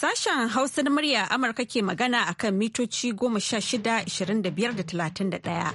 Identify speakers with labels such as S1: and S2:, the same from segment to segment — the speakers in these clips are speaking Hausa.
S1: Sashen Hausa na murya Amurka ke magana akan mitoci goma sha shida, ashirin da biyar da talatin da ɗaya.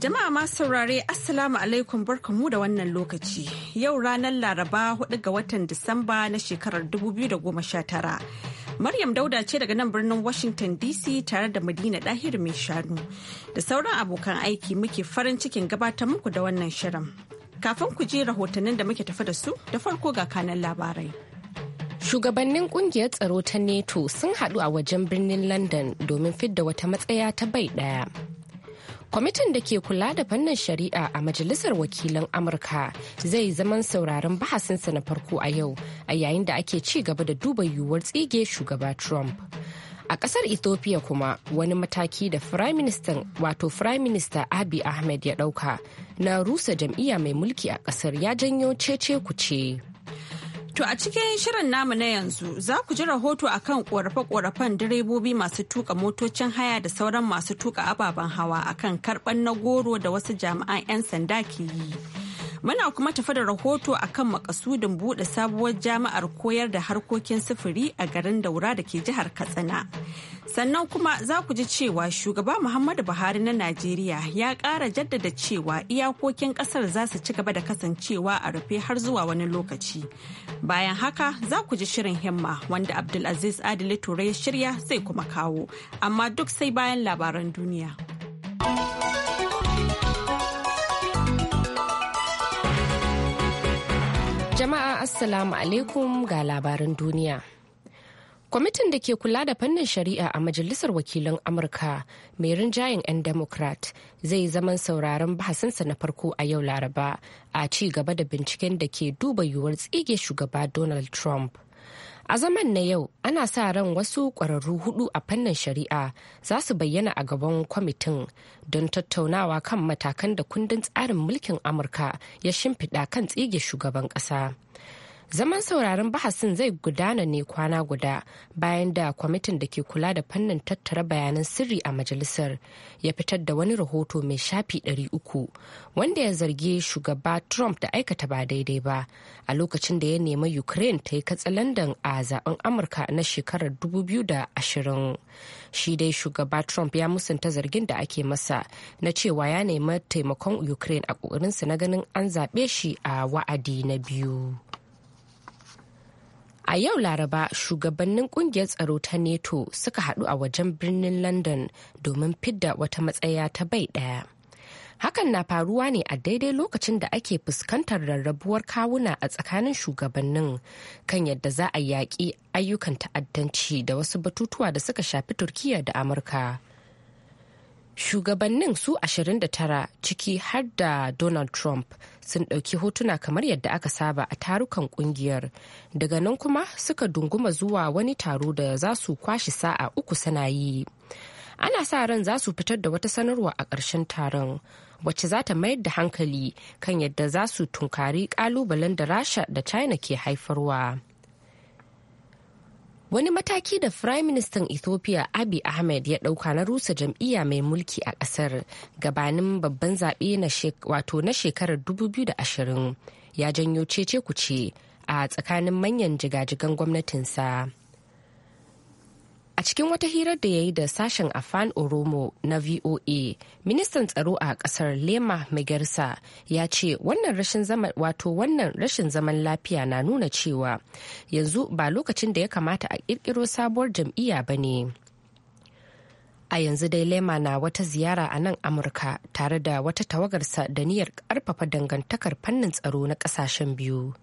S1: Jama'a masu saurare Assalamu alaikum barkamu da wannan lokaci. Yau ranar Laraba 4 ga watan Disamba na shekarar 2019. Maryam Dauda ce daga nan birnin Washington DC tare da Madina Dahir mai shanu. Da sauran abokan aiki muke farin cikin gabatar muku da wannan shirin. Kafin ku je rahotannin da muke tafi da su, da farko ga kanan labarai.
S2: Shugabannin kungiyar tsaro ta NATO sun haɗu a wajen birnin London domin fidda wata matsaya ta bai ɗaya. kwamitin da ke kula da fannin shari'a a majalisar wakilan amurka zai zaman sauraron bahasinsa na farko a yau a yayin da ake ci gaba da duba yiwuwar tsige shugaba trump a kasar ethiopia kuma wani mataki da firaministan wato firaminista abi ahmed ya dauka na rusa jam'iyya mai mulki a kasar ya janyo cece kuce
S1: To a cikin shirin namu na yanzu za ku ji rahoto akan ƙorafe-ƙorafen direbobi masu tuka motocin haya da sauran masu tuka ababen hawa akan karɓar na goro da wasu jami'an 'yan sanda ke yi. Muna kuma tafi da rahoto a kan makasudin buɗe sabuwar jami'ar koyar da harkokin sufuri a garin Daura da ke jihar Katsina. Sannan kuma za ku ji cewa shugaba Muhammadu Buhari na Najeriya ya ƙara jaddada cewa iyakokin ƙasar za su ci gaba da kasancewa a rufe har zuwa wani lokaci. Bayan haka za ku ji shirin himma wanda Abdulaziz Adili Ture ya shirya zai kuma kawo, amma duk sai bayan labaran duniya.
S2: assalamu alaikum ga labarin duniya. Kwamitin da ke kula da fannin shari'a a Majalisar Wakilan Amurka mai rinjayen 'yan Democrat zai zaman sauraron bahasinsa na farko a yau Laraba a ci gaba da binciken da ke duba yiwuwar tsige shugaba Donald Trump. A zaman na yau ana sa ran wasu ƙwararru hudu a fannin shari'a za su bayyana a gaban kwamitin don tattaunawa kan matakan da kundin tsarin mulkin Amurka ya shimfiɗa kan tsige shugaban ƙasa. Zaman sauraron bahasin zai gudana ne kwana guda bayan da kwamitin da ke kula da fannin tattara bayanan sirri a majalisar ya fitar da wani rahoto mai shafi 300 wanda ya zargi shugaba Trump da aikata ba daidai ba a lokacin da ya nemi Ukraine ta yi katsalandan a zaben Amurka na shekarar 2020. Shi dai shugaba Trump ya musanta zargin da ake masa na cewa ya nemi taimakon Ukraine a ƙoƙarinsa na ganin an zaɓe shi a wa'adi na biyu. A yau Laraba shugabannin kungiyar tsaro ta NATO suka haɗu a wajen birnin London domin fidda wata matsaya ta bai ɗaya. Hakan na faruwa ne a daidai lokacin da ake fuskantar rarrabuwar kawuna a tsakanin shugabannin kan yadda za a yaƙi ayyukan ta'addanci da wasu batutuwa da suka shafi Turkiyya da Amurka. shugabannin su 29 ciki har da donald trump sun ɗauki hotuna kamar yadda aka saba a tarukan kungiyar daga nan kuma suka dunguma zuwa wani taro da za su kwashi sa'a uku sana yi ana sa ran za su fitar da wata sanarwa a ƙarshen taron wacce za ta mayar da hankali kan yadda za su tunkari ƙalubalen da rasha da china ke haifarwa. wani mataki da Prime Minister Ethiopia Abiy Ahmed ya ɗauka na rusa jam'iyya mai mulki a ƙasar gabanin babban zaɓe na shekarar 2020 ya janyo cece kuce a tsakanin manyan jigajigan gwamnatinsa. A cikin wata hirar da ya yi da sashen Afan Oromo na VOA, ministan tsaro a kasar Lema Magersa, ya ce wannan rashin zaman wato wannan rashin zaman lafiya na nuna cewa yanzu ba lokacin da ya kamata a kirkiro sabuwar jam'iyya ba ne. A yanzu dai Lema na wata ziyara a nan Amurka tare da wata tawagarsa da niyyar karfafa dangantakar fannin tsaro na kasashen biyu.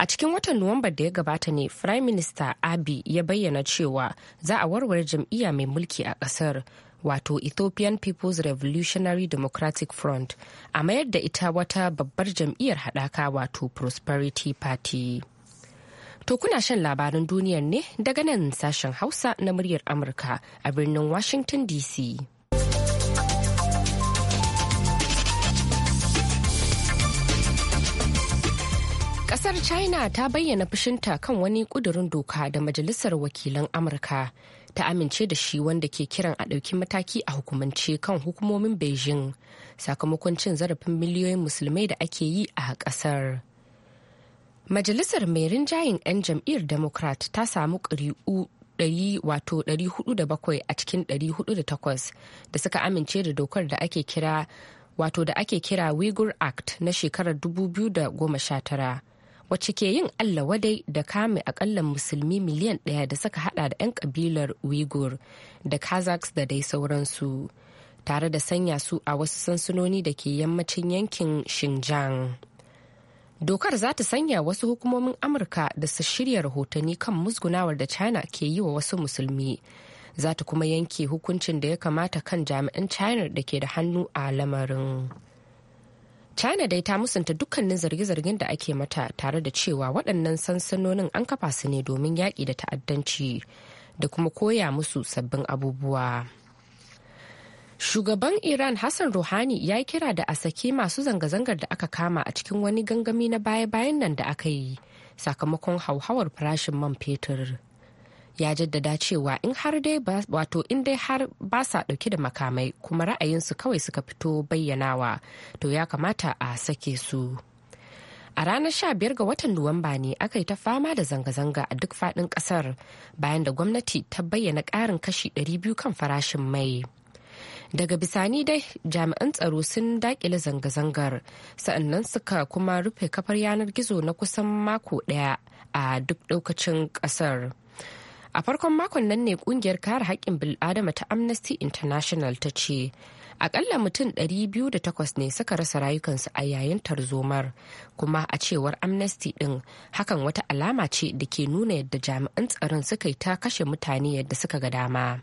S2: A cikin watan Nuwambar da ya gabata ne Prime Minister Abiy ya bayyana cewa za a warware jam'iyya mai mulki a ƙasar. wato Ethiopian People's Revolutionary Democratic Front a mayar da ita wata babbar jam'iyyar haɗaka wato Prosperity Party. To kuna shan labarin duniyar ne daga nan sashen Hausa na muryar Amurka a birnin Washington DC. Kasar China ta bayyana fushinta kan wani kudurin doka da Majalisar Wakilan Amurka ta amince da shi wanda ke kiran a ɗauki mataki a hukumance kan hukumomin Beijing sakamakon cin zarafin miliyoyin musulmai da ake yi a kasar. Majalisar mai rinjayen 'yan jam'iyyar Democrat ta samu ƙuri'u wato 407 a cikin 408 da suka amince da dokar da ake kira wato da ake kira Uyghur Act na shekarar 2019 wacce ke yin allah wadai da kame akalla musulmi miliyan ɗaya da suka hada da 'yan kabilar uyghur da kazakhs da dai sauransu tare da sanya su a wasu sansunoni da ke yammacin yankin Xinjiang. Dokar za ta sanya wasu hukumomin Amurka da su shirya rahotanni kan musgunawar da China ke yi wa wasu musulmi. Za ta kuma yanke hukuncin da ya kamata kan jami'an China da ke da hannu a lamarin. china dai ta musanta dukkanin zarge-zargen da ake mata tare da cewa waɗannan sansanonin an kafa su ne domin yaƙi da ta'addanci da kuma koya musu sabbin abubuwa shugaban iran hassan ruhani ya kira da a saki masu zanga-zangar da aka kama a cikin wani gangami na baya-bayan nan da aka yi sakamakon hauhawar farashin man fetur. ya jaddada cewa in har dai wato in dai har ba sa dauke da makamai kuma ra'ayinsu kawai suka fito bayyanawa to ya kamata a sake su a ranar 15 ga watan nuwamba ne aka yi ta fama da zanga-zanga a duk fadin kasar bayan da gwamnati ta bayyana ƙarin kashi 200 kan farashin mai daga bisani dai jami'an tsaro sun dakile zanga-zangar sa'annan suka kuma rufe kafar yanar gizo na kusan mako daya a duk lokacin kasar. a farkon makon nan ne kungiyar kare haƙƙin bil'adama ta amnesty international ta ce akalla mutum 208 ne suka rasa rayukansu a yayin tarzomar kuma a cewar amnesty ɗin hakan wata alama ce da ke nuna yadda jami'an tsaron suka yi ta kashe mutane yadda suka ga dama.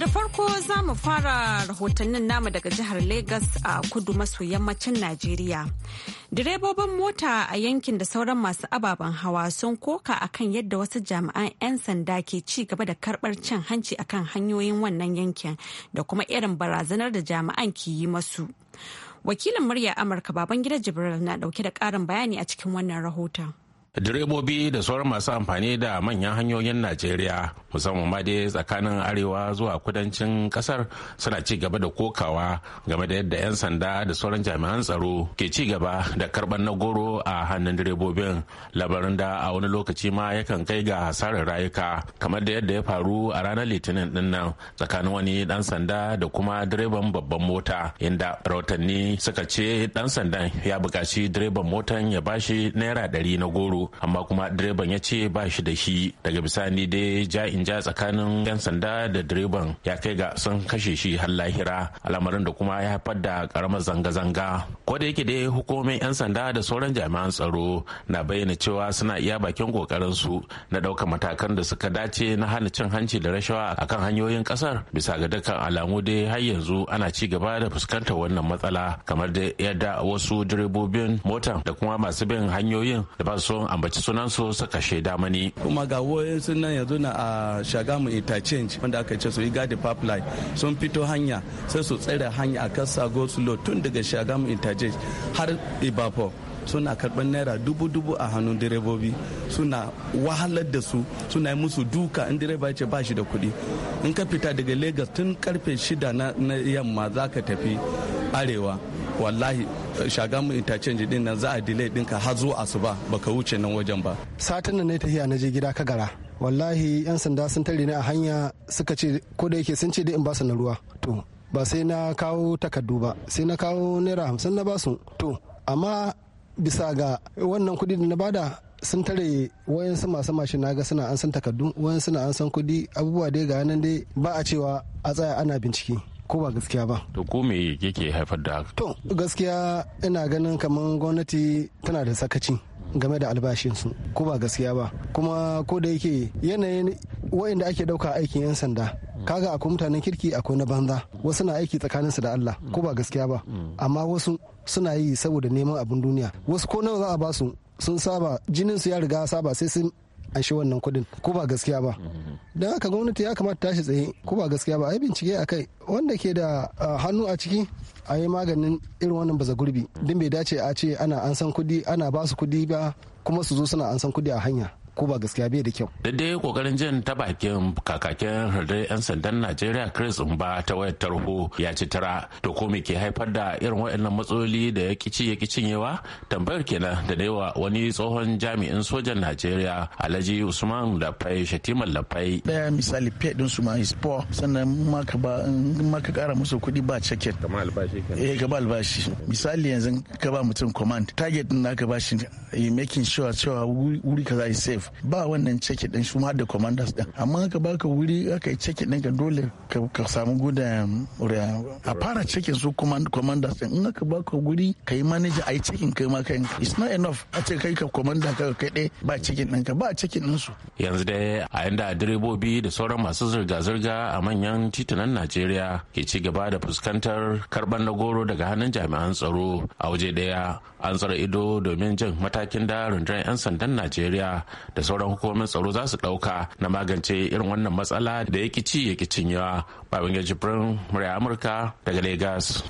S1: da farko za mu fara rahotannin namu daga jihar Legas a kudu maso yammacin Najeriya. Direbobin mota a yankin da sauran masu ababen hawa sun koka akan yadda wasu jami'an 'yan sanda ke ci gaba da karbar cin hanci akan hanyoyin wannan yankin da kuma irin barazanar da jami'an ke yi masu. Wakilin murya Amurka Babangida Jibril na dauke da ƙarin bayani a cikin wannan rahoton.
S3: direbobi da sauran masu amfani da manyan hanyoyin najeriya musamman ma dai tsakanin arewa zuwa kudancin kasar suna ci gaba da kokawa game da yadda 'yan sanda da sauran jami'an tsaro ke ci gaba da karban na goro a hannun direbobin labarin da a wani lokaci ma yakan kai ga hasarar rayuka kamar da yadda ya faru a ranar litinin dinnan tsakanin wani dan sanda da kuma direban babban mota inda rahotanni suka ce dan sandan ya bukaci direban motan ya bashi naira ɗari na goro amma kuma direban ya ce ba shi da shi daga bisani dai ja in ja tsakanin yan sanda da direban ya kai ga sun kashe shi har lahira al'amarin da kuma ya haifar da karamar zanga-zanga ko da yake dai hukumomin yan sanda da sauran jami'an tsaro na bayyana cewa suna iya bakin kokarin su na ɗaukar matakan da suka dace na hana cin hanci da rashawa akan hanyoyin kasar bisa ga dukkan alamu dai har yanzu ana ci gaba da fuskantar wannan matsala kamar da yadda wasu direbobin motan da kuma masu bin hanyoyin da ba su son. ambaci sunansu suka shaida mani.
S4: kuma ga wayoyin sunan yanzu na a shagamu interchange wanda aka ce su gadi pipeline sun fito hanya sai su tsere hanya a kasa go slow tun daga shagamu interchange har ibapo suna karɓar naira dubu-dubu a hannun direbobi suna wahalar da su suna yi musu duka in direba ce ba shi da kuɗi in ka fita daga lagos tun karfe shida na yamma za ka tafi arewa wallahi shagamu interchange din nan za a delay dinka har zuwa asuba baka wuce nan wajen ba
S5: satin nan na tafiya na je gida ka gara wallahi yan sanda sun tare ni a hanya suka ce ko da yake sun ce dai in ba su na ruwa to ba sai na kawo takardu ba sai na kawo naira hamsin na basu to amma bisa ga wannan kudi da na bada sun tare wayan su masu mashin naga suna an san takardu wayan suna an san kudi abubuwa dai ga nan dai ba a cewa a tsaya ana bincike ko ba gaskiya ba
S3: to ko me yake haifar da haka
S5: to gaskiya ina ganin kamar gwamnati tana da sakaci game da albashinsu ko ba gaskiya ba kuma ko da yake yanayin wa'inda ake ɗauka aikin 'yan sanda kaga akwai mutanen kirki akwai na banza wasu na aiki tsakaninsu da Allah ko ba gaskiya ba amma wasu suna yi saboda neman abin duniya wasu ko nawa za a basu sun saba jinin ya riga saba sai sun a shi wannan kuɗin ko ba gaskiya ba don haka gwamnati ya kamata tashi tsaye ko ba gaskiya ba a yi bincike a kai wanda ke da hannu a ciki a yi maganin irin wannan baza gurbi din bai dace a ce ana an san kuɗi ana ba su kuɗi ba kuma su zo suna an san kuɗi a hanya ko ba gaskiya bai da kyau
S3: duk dai kokarin jin ta bakin kakakin hurdar yan sandan najeriya chris umba ta wayar tarho ya ci tara to ko me ke haifar da irin waɗannan matsaloli da ya kici ya cinyewa tambayar kenan da daiwa wani tsohon jami'in sojan najeriya alhaji usman lafai shatiman lafai daya misali pay din su ma is poor sannan maka ba maka kara musu kuɗi ba ceket kamar albashi eh gaba albashi misali yanzu ka ba mutum command target din naka bashi eh, making sure cewa wuri kaza is safe ba wannan ceki din su da commanders din amma ka baka wuri aka yi ceki din ka dole ka samu guda a fara cekin su commanders din in aka baka wuri ka yi manager a yi cekin kai ma kai it's not enough a ce kai ka commander ka kai dai ba cekin din ka ba cekin din su yanzu dai a yanda direbobi da sauran masu zirga-zirga a manyan titunan Najeriya ke ci gaba da fuskantar karban na goro daga hannun jami'an tsaro a waje daya an tsara ido domin jin matakin da rundunar 'yan sandan Najeriya da sauran hukumomin tsaro za su ɗauka na magance irin wannan matsala da ya ci ya kicin yawa. babin gajibirin murya amurka daga Legas.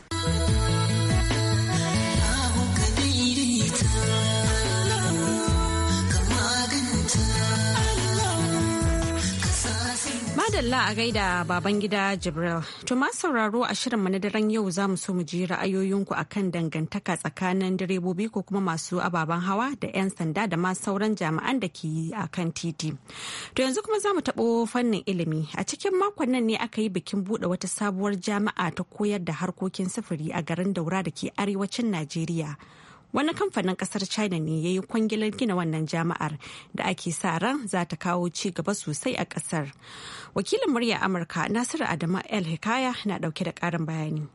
S1: madalla a gaida baban gida Jibril. To ma sauraro a shirin na daren yau za mu so mu ji ra'ayoyinku akan dangantaka tsakanin direbobi ko kuma masu ababen hawa da 'yan sanda da ma sauran jami'an da ke a kan titi. To yanzu kuma za mu taɓo fannin ilimi. A cikin makon nan ne aka yi bikin buɗe wata sabuwar jami'a ta koyar da harkokin sufuri a garin Daura da ke arewacin Najeriya. wani kamfanin kasar china ne ya yi kwangilar gina wannan jami'ar da ake sa ran za ta kawo ci gaba sosai a kasar wakilin murya amurka nasiru adama el hikaya na dauke da karin bayani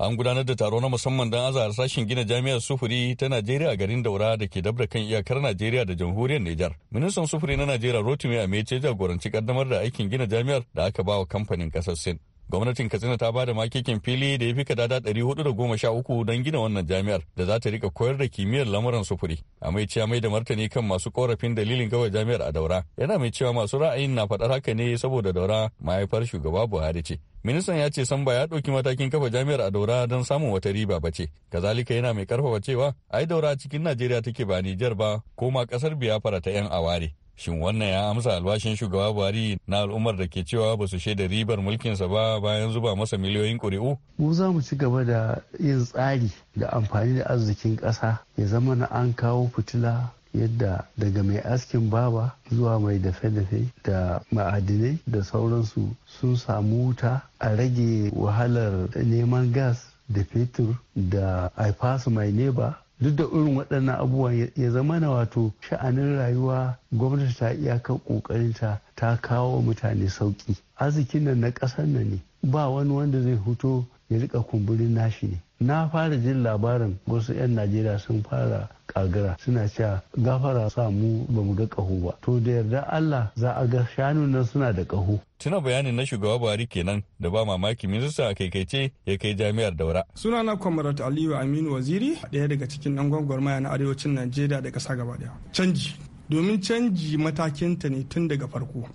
S6: an gudanar da taro na musamman don azahar sashen gina jami'ar sufuri ta najeriya a garin daura da ke dabda kan iyakar najeriya da jamhuriyar nijar ministan sufuri na najeriya rotimi a ya jagoranci kaddamar da aikin gina jami'ar da aka ba wa kamfanin kasar sin gwamnatin katsina ta ba da makekin fili da ya fi kadada 413 don gina wannan jami'ar da za ta rika koyar da kimiyyar lamuran sufuri a mai cewa mai da martani kan masu korafin dalilin gawa jami'ar a daura yana mai cewa masu ra'ayin na faɗar haka ne saboda daura mahaifar shugaba buhari ce ministan ya ce samba ya ɗauki matakin kafa jami'ar a daura don samun wata riba ba ce kazalika yana mai karfafa cewa ai daura cikin najeriya take ba nijar ba ko ma ƙasar biyafara ta yan aware Shin wannan ya amsa albashin shugaba Buhari na al'ummar da ke cewa ba su shaida ribar mulkinsa ba bayan zuba masa miliyoyin ƙuri'u?
S4: Mu za mu ci gaba da yin tsari da amfani da arzikin ƙasa ya zama na an kawo fitila yadda daga mai askin baba zuwa mai dafe-dafe da ma'adinai da sauransu sun samu wuta a rage wahalar neman gas da fetur da i pass my neighbor duk da irin waɗannan abubuwan ya zama na wato sha'anin rayuwa gwamnati ta iyakar ƙoƙarinta ta ta kawo mutane sauƙi arzikin nan na ƙasar nan ne ba wani wanda zai huto ya riƙa kumburin nashi ne na fara jin labarin wasu 'yan najeriya sun fara kagara suna cewa gafara sa mu ba mu ga ƙaho ba to da yarda allah za a ga shanu nan suna da ƙaho
S6: tuna bayanin na shugaba buhari kenan da ba mamaki minista a kaikaice ya kai jami'ar daura suna na kwamarat aliyu aminu waziri ɗaya daga cikin ɗan maya na arewacin najeriya da ƙasa gaba daya. canji domin canji matakinta ne tun daga farko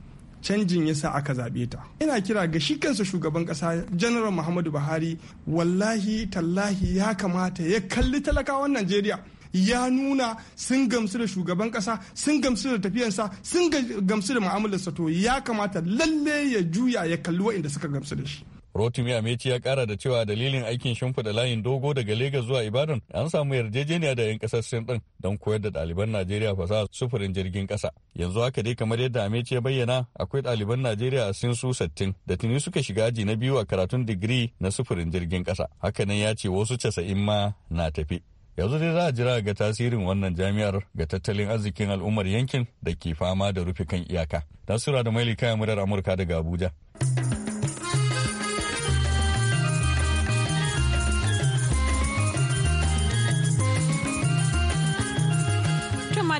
S6: canjin ya sa aka zaɓe ta ina kira ga shi kansa shugaban ƙasa general muhammadu buhari wallahi tallahi ya kamata ya kalli talakawan najeriya ya nuna sun gamsu da shugaban kasa sun gamsu da tafiyansa sun gamsu da mu'amalarsa to ya kamata lalle ya juya ya kalli waɗanda suka gamsu da shi Rotimi Ameti ya kara da cewa dalilin aikin shimfiɗa layin dogo daga Legas zuwa Ibadan an samu yarjejeniya da 'yan ƙasar Sin ɗin don koyar da ɗaliban Najeriya fasaha sufurin jirgin ƙasa. Yanzu haka dai kamar yadda Ameti ya bayyana akwai ɗaliban Najeriya a Sin su sattin da tuni suka shiga aji na biyu a karatun digiri na sufurin jirgin ƙasa. Hakanan ya ce wasu casa'in ma na tafi. yanzu dai za a jira ga tasirin wannan jami'ar ga tattalin arzikin al'ummar yankin da ke fama da rufe kan iyaka. Nasura da Maili kayan murar Amurka daga Abuja.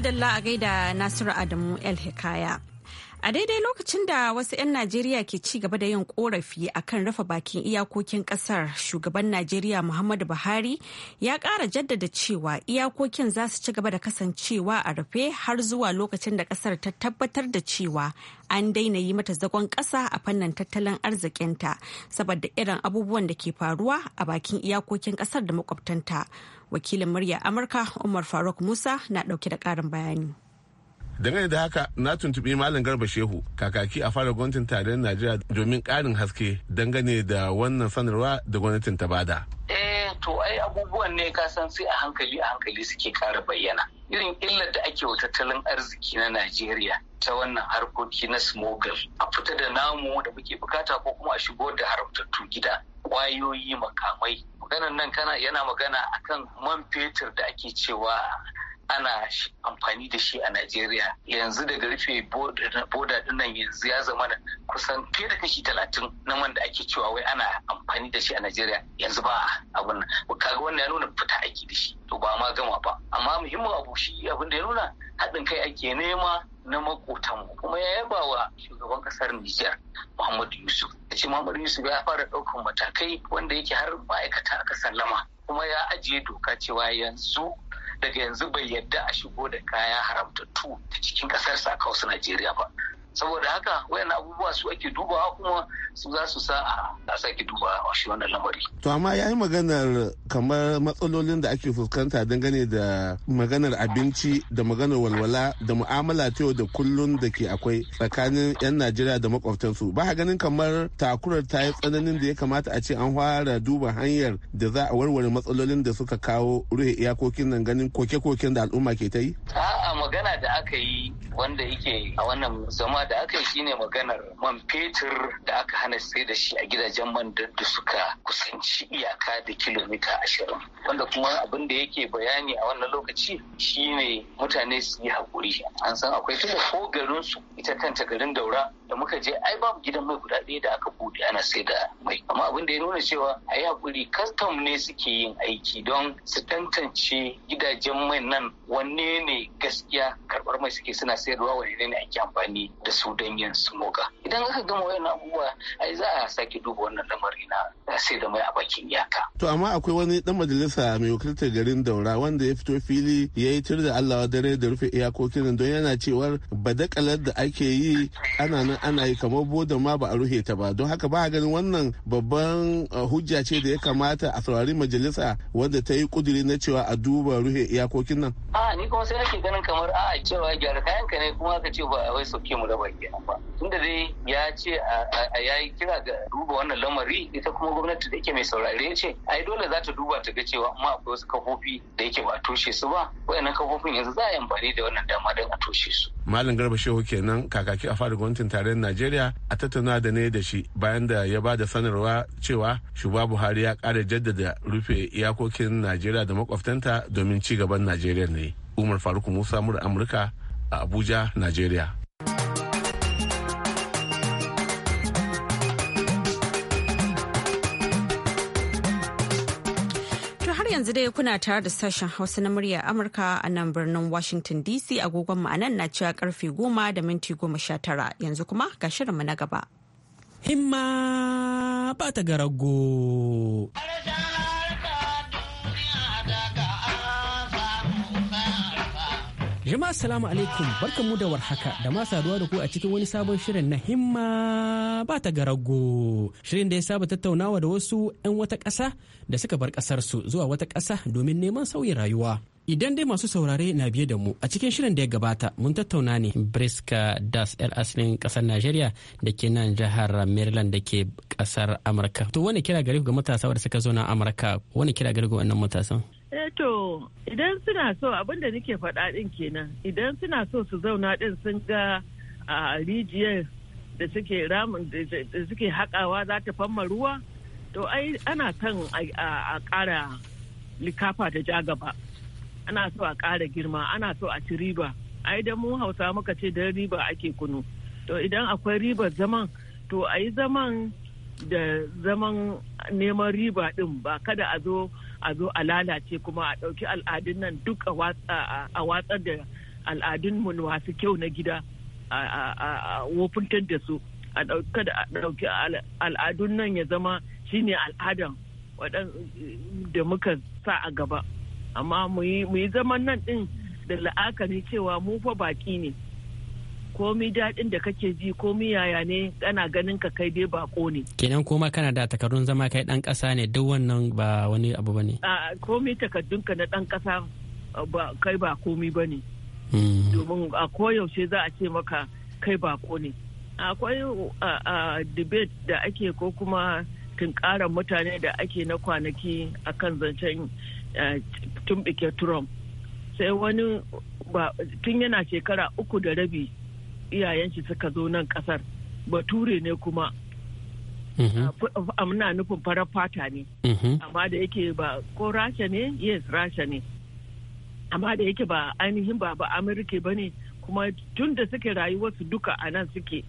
S1: madalla a gaida Nasiru Adamu El Hikaya. A daidai lokacin da wasu 'yan Najeriya ke ci gaba da yin korafi kan rufe bakin iyakokin kasar, shugaban Najeriya Muhammadu Buhari ya ƙara jaddada cewa iyakokin za su ci gaba da kasancewa a rufe har zuwa lokacin da kasar ta tabbatar da cewa an daina yi mata zagon ƙasa a fannin tattalin arzikinta saboda irin abubuwan da ke faruwa a bakin iyakokin ƙasar da makwabtanta. Wakilin murya Amurka Umar Faruk Musa na ɗauke da ƙarin bayani.
S4: dangane da haka na tuntubi malam garba shehu kakaki a fara gwamnatin tarayyar najeriya domin karin haske dangane da wannan sanarwa da gwamnatin ta bada
S7: eh, to ai abubuwan ne ka san sai a hankali a hankali suke kara bayyana irin illar da ake wa tattalin arziki na najeriya ta wannan harkoki na smogel a fita da namu da muke bukata ko kuma a shigo da haramtattu gida kwayoyi makamai maganan nan kana yana magana akan man fetur da ake cewa ana amfani da shi a Najeriya yanzu daga rufe boda dinnan yanzu ya zama kusan fiye da kashi talatin na man ake cewa wai ana amfani da shi a Najeriya yanzu ba abin nan kaga wannan ya nuna fita aiki da shi to ba ma gama ba amma muhimmin abu shi abin da ya nuna haɗin kai ake nema na makotan kuma ya yaba wa shugaban kasar Nijar Muhammadu Yusuf ya ce Muhammadu Yusuf ya fara ɗaukan matakai wanda yake har ma'aikata aka lama. kuma ya ajiye doka cewa yanzu daga yanzu bai yadda a shigo da kaya haramtattu cikin ƙasar sa Najeriya ba saboda haka wayan abubuwa su ake dubawa kuma su za su sa a sake duba shi wannan lamari. To
S4: amma ya yi maganar kamar matsalolin da ake fuskanta dangane da maganar abinci da maganar walwala da mu'amala ta yau da kullun da ke akwai tsakanin 'yan Najeriya da makwabtansu. Ba ganin kamar takurar ta yi tsananin da ya kamata a ce an fara duba hanyar da za a warware matsalolin da suka kawo ruhe iyakokin nan ganin koke-koken da al'umma ke ta yi?
S7: A'a magana da aka yi wanda yake a wannan zama da aka yi shine maganar man fetur da aka hana sai da shi a gidajen man da suka kusanci iyaka da kilomita ashirin wanda kuma abin da yake bayani a wannan lokaci shine mutane su yi haƙuri an san akwai tunda ko garin su ita kanta garin daura da muka je ai babu gidan mai guda ɗaya da aka buɗe ana sai da mai amma abin da ya nuna cewa a yi haƙuri kastam ne suke yin aiki don su tantance gidajen mai nan wanne ne gaskiya karɓar mai suke suna sayarwa wanne ne ake amfani da su don yin smoga idan aka gama wayan abubuwa ai za a sake duba wannan lamari na sai da mai a bakin yaka
S4: to amma akwai wani dan majalisa mai wakiltar garin daura wanda ya fito fili ya yi tur da Allah dare da rufe iyakokin don yana cewar badakalar da ake yi ana nan ana yi kamar bodan ma ba a rufe ta ba don haka ba ganin wannan babban eh, hujja ce da ya kamata a saurari majalisa wanda ta yi kuduri na cewa a duba rufe iyakokin nan
S7: a ni kuma sai nake ganin kamar a'a cewa gyara kayan ka ne kuma ka ce ba wai sauke mu da ba kenan ba tunda dai ya ce a yayi kira ga duba wannan lamari ita kuma gwamnati da yake mai saurare ya ce ai dole za ta duba ta ga cewa amma akwai wasu
S4: kafofi da yake ba toshe su ba wayannan kafofin yanzu za a yi amfani da wannan dama don a toshe su malam garba shehu kenan kakaki a fara gwamnatin tarayyar najeriya a tattauna da ne da shi bayan da ya ba da sanarwa cewa shugaba buhari ya kara jaddada rufe iyakokin najeriya da makwabtanta domin ci gaban najeriya ne umar faruk musa mura amurka a abuja najeriya
S1: yanzu dai kuna tare da sashen Hausa na murya Amurka a nan birnin Washington DC agogon mu anan na cewa karfe goma da minti goma sha tara yanzu kuma ga shirinmu na gaba.
S8: Himma ba ta garago. Jama'a salamu alaikum mu da warhaka da ma saduwa da ku a cikin wani sabon shirin na himma ba ta garago. Shirin da ya saba tattaunawa da wasu 'yan wata ƙasa da suka bar su zuwa wata ƙasa domin neman sauyin rayuwa. Idan dai masu saurare na biye da mu a cikin shirin da ya gabata mun tattauna ne Briska Das 'yar asalin ƙasar Najeriya da ke nan jihar Maryland da ke ƙasar Amurka. To wani kira gari ga matasa da suka zo na Amurka wani kira gari ga wannan matasan?
S9: Eh to idan suna so abin da nake faɗa ɗin kenan idan suna so su zauna ɗin sun ga a rijiyar da suke ramin da suke haƙawa za ta famma ruwa to ai ana kan a ƙara likafa ta ja gaba ana so a ƙara girma ana so a ci riba ai da mu hausa muka ce don riba ake kunu to idan akwai ribar zaman to a yi zaman da zaman neman riba ɗin ba kada a zo a zo a lalace kuma a ɗauki al'adun nan duk a watsar da al'adun mu masu kyau na gida a wofintar da su a ɗauki al'adun nan ya zama shine al'adan da muka sa a gaba amma mu yi zaman nan ɗin da la'akari cewa mu fa baƙi ne komi daɗin da kake ji komi yaya ne ana ganin ka kai dai bako ne
S8: kenan koma kana da takardun zama kai ɗan ƙasa ne duk wannan ba wani abu ba ne
S9: komi takardun ka na ɗan ƙasa ba kai ba komi ba ne hmm. domin a koyaushe za a ce maka kai bako ne akwai debate da ake ko kuma tunkarar mutane da ake na kwanaki a kan zancen tumbike trump sai wani tun yana shekara uku da rabi iyayen shi suka zo nan kasar ture ne kuma mhm. ah, amna nufin farar fata ne mhm. amma da yake ba ko rasha ne yes rasha ne amma da yake ba ainihin ba ba amurka ba ne kuma tun da suke rayuwarsu duka a nan suke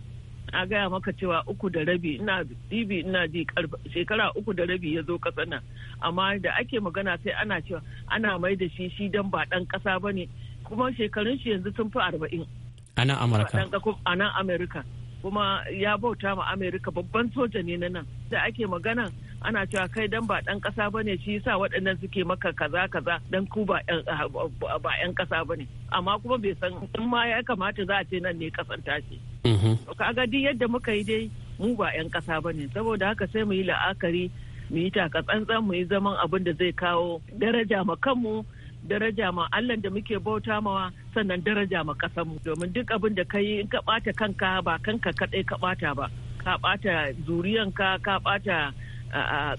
S9: a gaya maka cewa uku da rabi ina dibi ina ji shekara uku da rabi ya zo kasa nan amma da ake magana sai ana cewa ana mai da shi shi dan ba dan kasa ba ne kuma shekarun shi yanzu sun fi arba'in
S8: a nan amurka
S9: a nan amerika kuma ya bauta ma amerika babban soja ne na nan da ake magana ana cewa kai dan ba dan kasa bane shi yasa waɗannan suke maka kaza kaza dan ku ba ah, ba yan kasa bane amma kuma bai san in ma ya kamata za a ce nan ne kasan tashi mm-hmm. kaga duk yadda muka yi dai mu ba yan kasa bane saboda haka sai mu yi la'akari mu yi takatsantsan tsantsan mu yi zaman abin da zai kawo daraja ma kanmu daraja ma Allah da muke bauta mawa sannan daraja ma mu domin duk abin da ka yi in ka ɓata kanka ba kanka kaɗai ka ɓata ba ka ɓata zuriyanka ka ɓata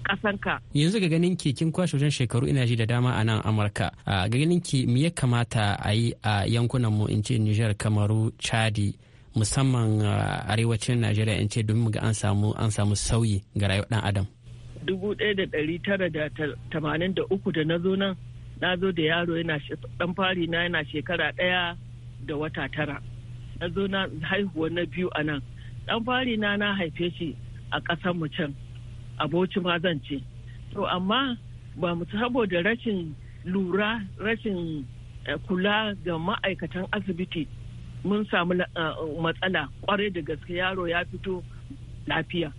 S9: ƙasanka.
S8: Yanzu ga ganin ki kin kwashe wajen shekaru ina ji da dama a nan Amurka. Ga ganin ki me ya kamata a yi a yankunan mu in ce Nijar, Kamaru, Chadi musamman arewacin Najeriya in ce domin ga an samu an samu sauyi ga rayuwar dan Adam.
S9: Dubu ɗaya da ɗari tara da tamanin da uku da na zo nan na zo da yaro yana dan fari na yana shekara ɗaya da wata tara na zo na haihuwa na biyu a nan dan fari na na haife shi a ƙasar mu can aboci ma zan ce to amma ba mu saboda rashin lura rashin eh, kula ga ma'aikatan asibiti mun samu eh, matsala kwarai da gaske yaro ya fito lafiya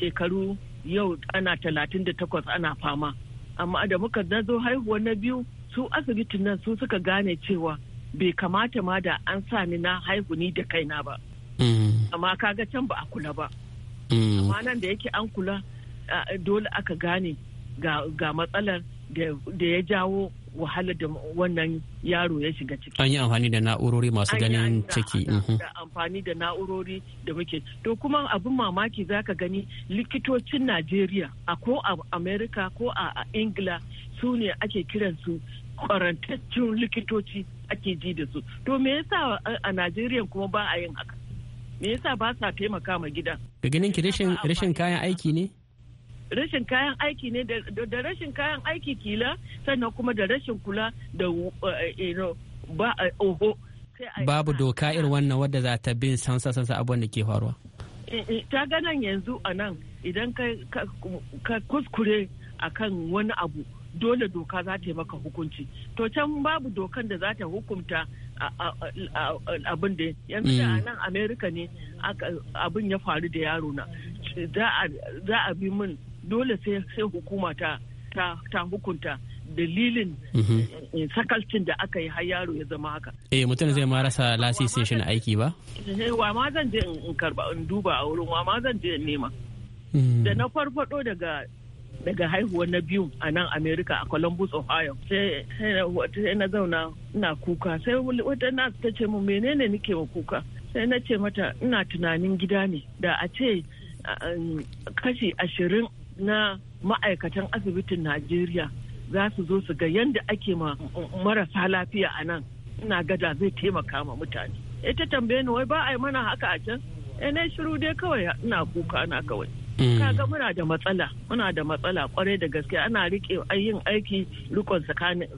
S9: shekaru yau ana talatin da takwas ana fama amma da muka zo haihuwa na biyu su asibitin nan su suka gane cewa bai kamata ma da an sa ni na haihu ni da kaina ba mm. amma kaga can ba a kula ba mm. amma nan da yake an kula dole aka gane ga matsalar da ya jawo wahalar da wannan yaro ya shiga ciki.
S8: An yi amfani da na'urori masu ganin ciki. Mhm.
S9: Da amfani da na'urori da muke. To kuma abin mamaki za ka gani likitocin Najeriya a ko a Amerika ko a Ingila su ne ake kiransu kwarantaccen likitoci ake ji da su. To me yasa a Najeriya kuma ba a yin haka? Me yasa ba sa taimaka ma gidan?
S8: Ga ganin ki rashin kayan aiki ne?
S9: rashin kayan aiki ne da rashin kayan aiki kila sannan kuma da rashin kula da eh, ba eh, oho
S8: babu doka irin wannan wadda za ta bin sansa sansa abuwan da ke faruwa
S9: eh, ta ganan yanzu a nan idan ka kuskure a kan wani abu dole doka za ta yi maka hukunci to can babu dokan da za ta hukunta abin da yanzu da mm. nan amerika ne abin ya faru da yaro na za a bi min dole sai hukuma ta ta hukunta dalilin mhm. eh, sakalcin da aka yi har yaro ya zama haka.
S8: Eh mutum zai ma rasa lasisin shi na aiki ba?
S9: Eh, wa ma zan je in karba in duba a wurin wa ma zan je in nema. Hmm. Da na farfado daga daga haihuwa na biyu a nan Amerika a Columbus Ohio sai na zauna ina kuka sai wata na ta ce mun menene nake wa kuka sai na ce mata ina tunanin gida ne da a ce kashi ashirin na ma'aikatan asibitin najeriya za su zo su ga yadda ake ma marasa lafiya a nan ina gada zai taimaka ma mutane eh, ta tambaye ni wai ba a yi mana haka a can e na shiru dai kawai ina kuka na kawai mm. kaga muna da matsala muna da matsala kwarai da gaske ana rike yin aiki rikon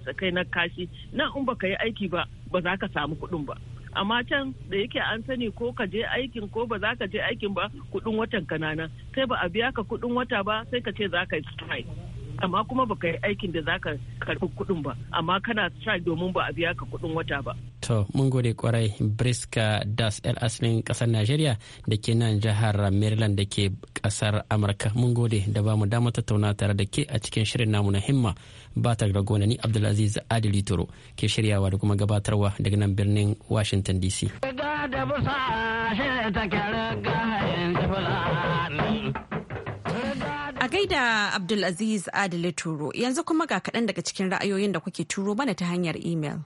S9: sakai na kashi nan in baka yi aiki ba ba za ka samu kuɗin ba amma can da yake an sani ko ka je aikin ko ba za ka je aikin ba kudin watan kanana sai ba a biya ka kudin wata ba sai ka ce za ka yi strike amma kuma baka yi aikin da za ka karɓi kuɗin ba amma kana strike domin ba a biya ka kuɗin wata ba.
S8: To mun gode kwarai Briska Das yar asalin kasar nigeria da ke nan jihar Maryland da ke kasar Amurka mun gode da ba mu dama tattauna tare da ke a cikin shirin namu na himma. batar ragona ni abdulaziz adili toro ke shiryawa da kuma gabatarwa daga nan birnin washington dc
S1: a gaida abdulaziz adili toro yanzu kuma ga kaɗan daga cikin ra'ayoyin da kuke turo mana ta hanyar imel.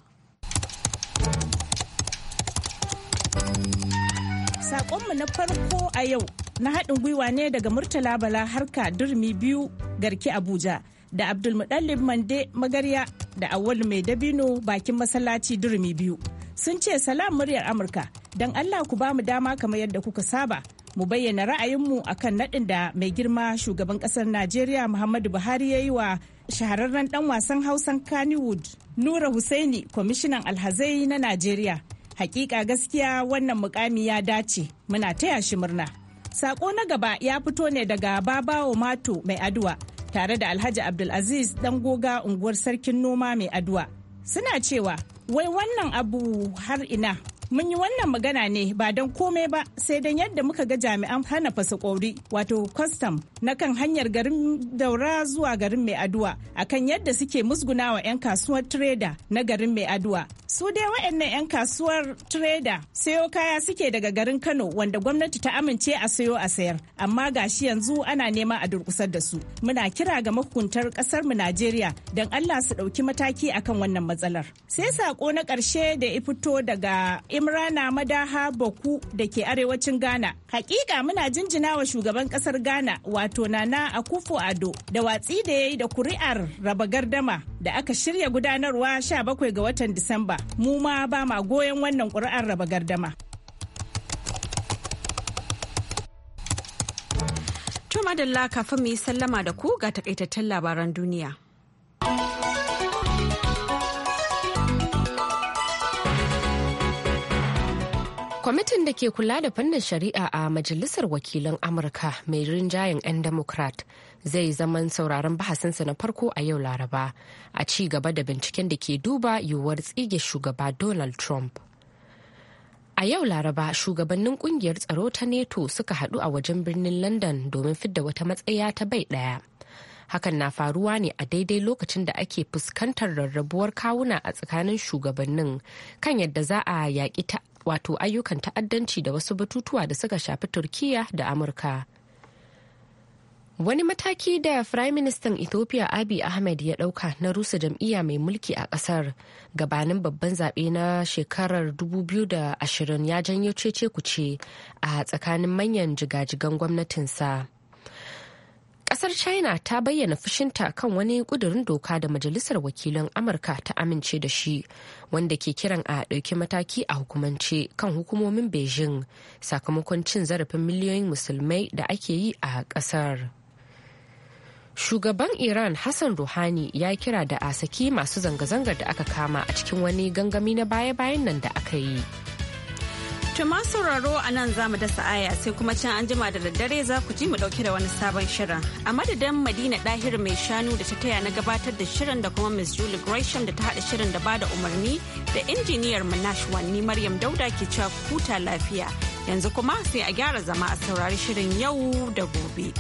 S10: Sakonmu na farko a yau na haɗin gwiwa ne daga Murtala Bala harka durmi biyu garki Abuja da Abdulmuɗallib Mande Magarya da Awal Mai Dabino bakin masallaci durumi biyu. Sun ce salam muryar Amurka don Allah ku ba mu dama kamar yadda kuka saba mu bayyana ra'ayinmu akan naɗin da mai girma shugaban ƙasar Najeriya Muhammadu Buhari ya yi wa shahararren ɗan wasan Hausan Kannywood Nura Hussaini kwamishinan alhazai na Najeriya. Hakika gaskiya wannan mukami ya dace muna taya shi murna. Sako na gaba ya fito ne daga Babawo Mato mai aduwa. tare da Alhaji Abdulaziz dan goga unguwar sarkin noma mai aduwa. Suna cewa wai wannan abu har ina mun yi wannan magana ne ba don komai ba sai don yadda muka ga jami'an hana fasakori wato kwastam na kan hanyar garin daura zuwa garin mai aduwa akan yadda suke musguna wa 'yan kasuwar tireda na garin mai aduwa Su dai waɗannan 'yan kasuwar trader sayo kaya suke daga garin Kano wanda gwamnati ta amince a sayo a sayar. Amma gashi yanzu ana nema a durkusar da su. Muna kira ga mahukuntar ƙasar mu Najeriya don Allah su ɗauki mataki akan wannan matsalar. Sai sako na ƙarshe da ya fito daga Imrana Madaha baku da ke arewacin Ghana. Hakika muna jinjina wa shugaban ƙasar Ghana wato Nana Akufo Ado da watsi da ya yi da kuri'ar raba gardama da aka shirya gudanarwa 17 ga watan Disamba mu ma ba ma goyon wannan ƙuri'ar raba gardama.
S1: To madalla kafin mu yi sallama da ku ga takaitattun labaran duniya.
S2: Kwamitin da ke kula da fannin shari'a a Majalisar Wakilan Amurka mai rinjayen 'yan Democrat zai zaman sauraron bahasinsa na farko a yau Laraba a ci gaba da binciken da ke duba yiwuwar tsige shugaba Donald Trump. A yau Laraba shugabannin kungiyar tsaro ta neto suka haɗu a wajen birnin London domin fidda wata matsaya ta bai ɗaya. Hakan na faruwa ne a daidai lokacin da ake fuskantar rarrabuwar kawuna a tsakanin shugabannin kan yadda za a yaƙi wato ayyukan ta'addanci da wasu batutuwa da suka shafi turkiya da amurka wani mataki da firayim ministan ethiopia abiy ahmed ya dauka na rusa jam'iyya mai mulki a kasar gabanin babban zaɓe na shekarar 2020 ya janyo cece kuce a tsakanin manyan jigajigan gwamnatinsa Kasar China ta bayyana fushinta kan wani kudurin doka da Majalisar Wakilan Amurka ta amince da shi, wanda ke kiran a ɗauki mataki a hukumance kan hukumomin Beijing sakamakon cin zarafin miliyoyin musulmai da ake yi a ƙasar. Shugaban Iran Hassan Rouhani ya kira da asaki masu zanga-zangar da aka kama a cikin wani gangami na baya-bayan nan da aka yi.
S1: ma sauraro a nan za mu dasa aya sai kuma can an jima da daddare za ku ji mu dauke da wani sabon shirin. A madadin Madina Dahir mai shanu da ta taya na gabatar da shirin da kuma Miss Julie Gresham da ta haɗa shirin da bada umarni da injiniyar Manash Wanni Maryam Dauda ke cewa kuta lafiya. Yanzu kuma sai a gyara zama a saurari shirin yau da gobe.